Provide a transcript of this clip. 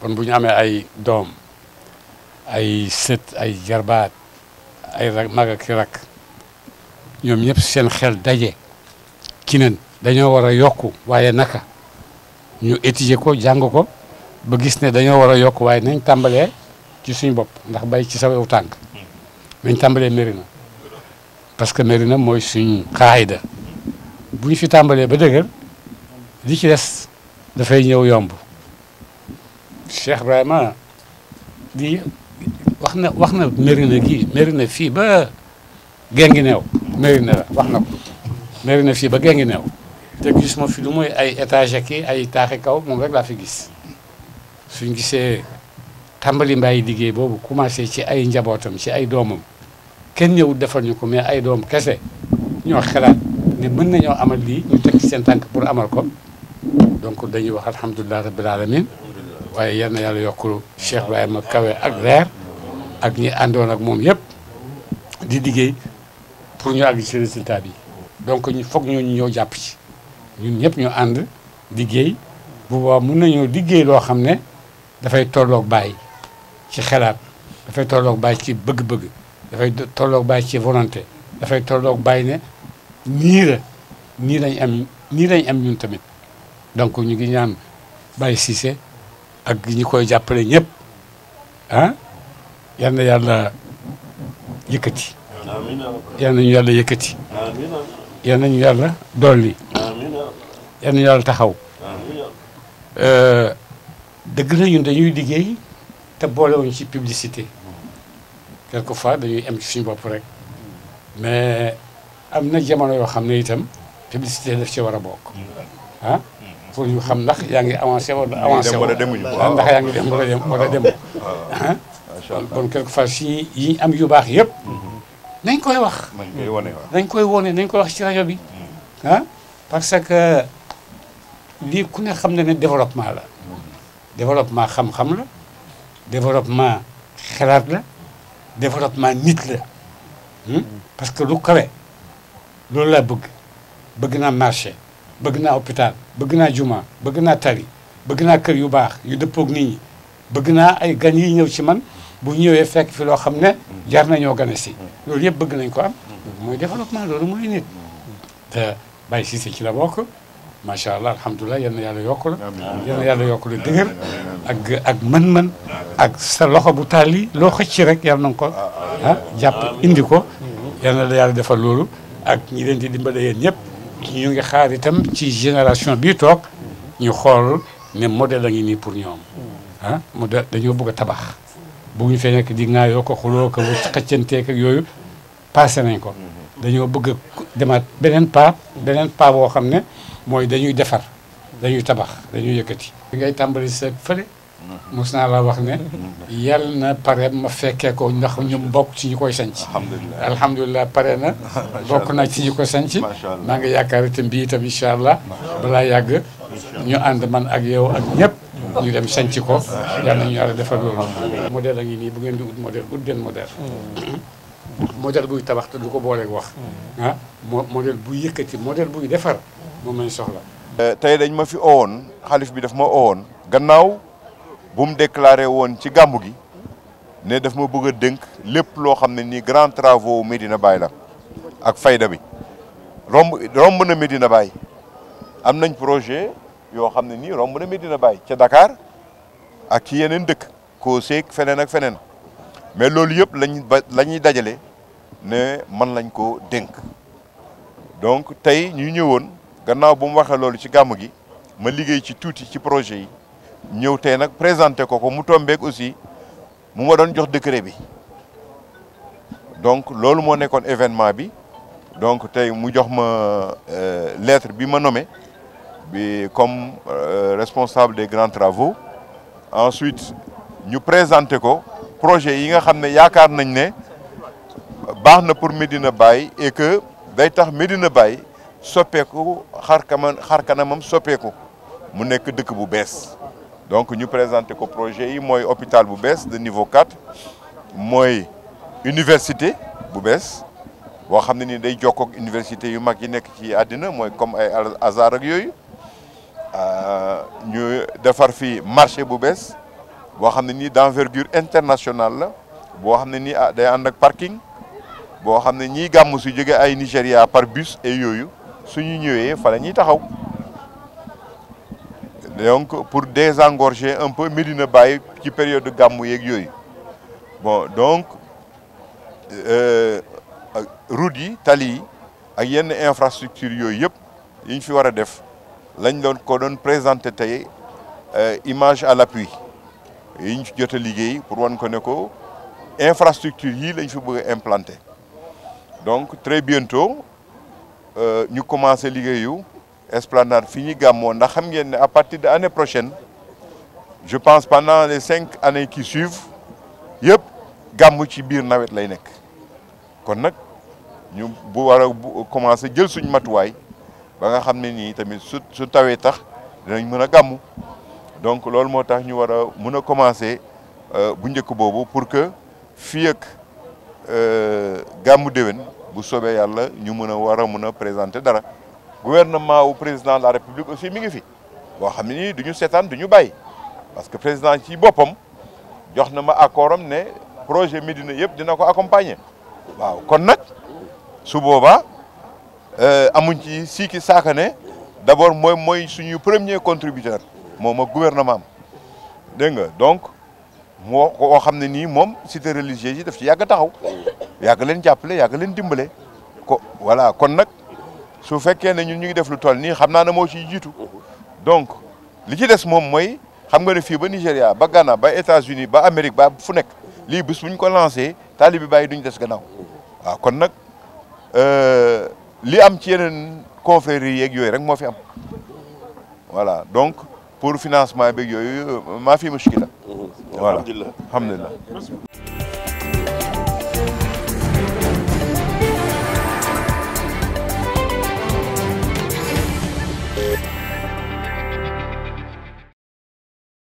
kon bu ñu amee ay doom ay sët ay jarbaat ay rak mag ak rak ñoom ñëpp seen xel daje ci dañoo war a yokku waaye naka ñu étudier ko jàng ko ba gis ne dañoo war a yokk waaye nañ tàmbalee ci suñu bopp ndax bay ci sawew tànk nañ tàmbalee Mérina parce que Mérina mooy suñu xaayda bu ñu fi tàmbalee ba dëgër li ci des dafay ñëw yomb الشيخ راما دي واحنا واحنا مرينا جي مرينا في با جانجيناو مرينا واحنا مرينا في با جانجيناو تك جسمو في دومو اي اتاجاكي اي تاخيكاو مون غير لا في جيس سون جيسي تامبالي مباي ديجي بوبو كوماسي شي اي نجابوتم شي اي دومم كن يو دفر نيكو مي اي دوم كسي نيو خلال ني من نيو عمل لي نيو تك سين تانك بور عمل كوم دونك دانيو واخ الحمد لله رب العالمين waaye yal na yàlla yokkulu Cheikh Ibrahima kawe ak leer ak ñi àndoon ak moom yëpp di liggéey pour ñu àgg ci résultat bi donc ñu foog ñooñu ñoo jàpp ci ñun ñëpp ñoo ànd liggéey bu boobaa mun nañoo liggéey loo xam ne dafay tolloog baay ci xelaat dafay tolloog bàyyi ci bëgg-bëgg dafay tolloog bàyyi ci volonté dafay tolloog baay ne nii la lañ am nii lañ am ñun tamit donc ñu ngi ñaan bàyyi Cissé ak ñu koy jàppale ñëpp ah yal na yàlla yëkkati. yal nañu yàlla yëkkati. yal nañu yàlla dolli. yal nañu yàlla taxaw. Euh, dëgg la dañuy liggéey te boolewuñ ci publicité quelquefois dañuy am ci suñu bopp rek mais am na jamono yoo xam ne itam publicité daf ci war a bokk ah? pour ñu xam ndax yaa ngi avancé wala avancé wala demuñu ndax yaa ngi dem wala dem wala dem ah. kon quelque fois si yi am yu baax yëpp nañ koy wax nañ koy wone nañ koy wax ci rajo bi hmm. ah parce que lii ku ne xam ne ne développement la développement xam-xam la développement xelaat la développement nit la hmm. parce que lu kawe loolu laa bëgg bëgg naa marché bëgg naa hôpital bëgg naa jumaa bëgg naa tali bëgg naa kër yu baax yu dëppook nit ñi bëgg naa ay gan yi ñëw ci man bu ñëwee fekk fi loo xam ne jar nañoo gane si loolu yëpp bëgg nañ ko am mooy développement loolu mooy nit te si si ci la bokk macha allah alhamdulilah yal na yàlla yokk la yàlla yokk la dëgër ak ak mën ak sa loxo bu tàlli loo xëcc rek yal na ko ah, ah, ah jàpp ah, indi ko yal na yàlla defal loolu ak ñi leen di dimbale yéen ñëpp ñu ngi xaar itam ci génération bii toog ñu xool ne modèle a ngi nii pour ñoom ah modèle dañoo bëgg a tabax bëgguñu fee nekk di ŋaayoo ko xuloo ko xëccanteek ak yooyu passé nañ ko dañoo bëgg a demaat beneen pas beneen pas boo xam ne mooy dañuy defar dañuy tabax dañuy yëkkati. bi ngay tàmbali sa fële. mos naa laa wax ne. yàlla na pare ma fekkee ko ndax ñu bokk ci ñu koy sanc. alhamdulilah alhamdulilah pare na. bokk naa ci ñu ko sanc. macha allah maa ngi yaakaar itam bii itam incha allah. balaa yàgg ñu ànd man ak yow ak ñëpp. ñu dem sanc ko. yàlla nañu yàlla defal loolu. modèle a ngi nii bu ngeen di ut modèle ut benn modèle. Hmm. modèle buy tabax te du ko booleeg wax. Hmm. ah mo modèle buy yëkkati modèle buy defar moom lañ soxla. Eh, tey dañ ma fi owoon xalif bi daf ma owoon gannaaw. bu déclarer déclaré woon ci ne daf ma bëgg dënk dénk lépp loo xam grand travaux medina Baye la ak fayda bi romb romb na medina bay am nañ projet yo xamné ni romb na medina bay ci Dakar ak yeneen dëkk ko seeg fenen ak fenen mais loolu yëpp lañ lañuy dajalé né ne man lañ ko dënk donc tay ñu ñëwoon gannaaw bu mu waxee loolu ci gàmm gi ma liggéey ci tuuti ci projet ñewté nak présenté ko ko mu tombeek aussi mu ma don jox décret bi donc lolu mo nékkon événement bi donc tay mu jox ma euh, lettre bi ma nommé bi comme euh, responsable des grands travaux ensuite ñu présenté ko projet yi nga xamné yaakar nañ né baxna pour medina Baye et que day tax medina Baye soppeeku xar xar kanamam mu nekk dëkk bu bess donc ñu présenter ko projet yi mooy hôpital bu de niveau 4 moi université bu bees boo xam ni day jokkook université yu mag yi nekk ci comme ay Nous ak yooyu ñu marché bu bees boo xam d'envergure internationale la boo xam ne nii ah, day ak parking boo xam ne ñiy gàmm su jóge ay par bus et yoyu. suñu ñëwee fa la ñuy taxaw donc pour désengorger un peu Medina Baye ci période de yeeg bon donc Rudy, euh, Rudi tali yi ak yenn infrastructure yooyu yëpp yi ñu fi war a def lañ ko présenté euh, image à l'appui Il y a une autre pour wan ko ne infrastructure il lañ fi bëgg donc très bientôt euh, ñu commencé liggéeyu. Esplanade fini ñuy ndax xam ngeen à partir de année prochaine je pense pendant les cinq années qui suivent yep, gàmm ci bir nawet lay nek kon nak ñu bu wara a commencé jël suñu matuway ba nga xamné ni tamit su su tax dinañ mëna a donc lool motax ñu wara mëna mën euh bu njëkk bobu pour que fi ak euh, gàmmu dewen bu soobee yalla ñu mëna wara mëna présenter dara gouvernement ou président de la république aussi mi ngi fi bo xamni duñu sétane duñu ñu parce que président ci bopam joxna ma accordam né projet Medina yépp dina ko accompagner waaw kon nak su euh amuñ ci siiki sakane d'abord moy moy suñu premier contributeur moma gouvernement am nga donc mo ko xamni ne nii cité religieuse yi daf ci yàgg taxaw yag len jàppale yag len dimbale ko voilà kon nak su fekkee ne ñun ñu ngi def lu toll nii xam naa ne moo ciy jiitu donc li ci des moom mooy xam nga ne fii ba Nigeria ba Ghana ba États-Unis ba Amérique ba fu nekk lii bis bu ñu ko lancé talibi bàyyi duñ des gannaaw waaw kon nag euh, li am ci yeneen confrérie yeeg yooyu rek moo fi am voilà donc pour financement beeg yooyu maa fi muskila mhm. voilà alhamdulilah